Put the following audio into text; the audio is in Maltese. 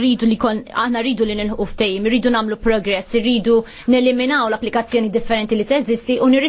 rridu li kon, aħna rridu li nilħu ftejim, rridu namlu progress, rridu neliminaw l-applikazzjoni differenti li teżisti u